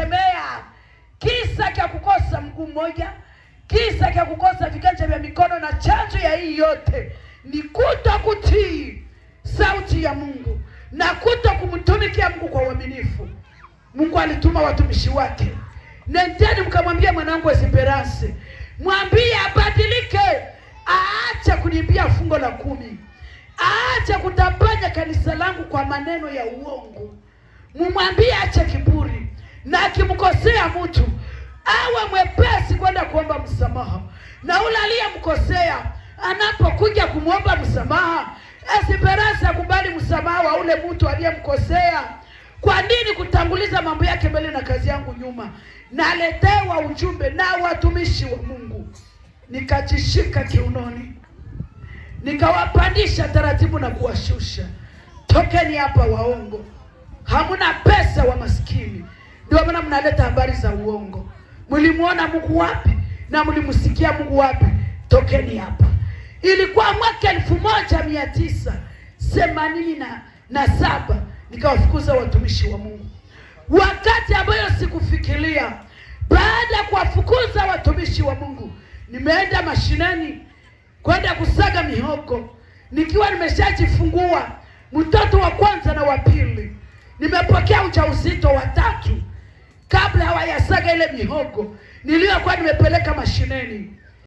kumkemea, kisa cha kukosa mguu mmoja, kisa cha kukosa viganja vya mikono. Na chanzo ya hii yote ni kuto kutii sauti ya Mungu na kuto kumtumikia Mungu kwa uaminifu. Mungu alituma watumishi wake, nendeni mkamwambia mwanangu Esperance, mwambie abadilike, aache kuniibia fungo la kumi, aache kutapanya kanisa langu kwa maneno ya uongo, mumwambie ache kiburi aliyemkosea mtu awe mwepesi kwenda kuomba msamaha, na ule aliyemkosea anapokuja kumwomba msamaha asiperasi akubali msamaha wa ule mtu aliyemkosea. Kwa nini kutanguliza mambo yake mbele na kazi yangu nyuma? Naletewa ujumbe na watumishi wa Mungu, nikajishika kiunoni, nikawapandisha taratibu na kuwashusha. Tokeni hapa waongo, hamuna pesa wa maskini. Ndio maana mnaleta habari za uongo. Mlimuona Mungu wapi na mlimsikia Mungu wapi? Tokeni hapa. Ilikuwa mwaka elfu moja mia tisa themanini na, na saba nikawafukuza watumishi wa Mungu wakati ambayo sikufikiria. Baada ya kuwafukuza watumishi wa Mungu, nimeenda mashinani kwenda kusaga mihogo nikiwa nimeshajifungua mtoto wa kwanza na wa pili, nimepokea ujauzito wa tatu kabla hawajasaga ile mihogo niliyokuwa nimepeleka mashineni.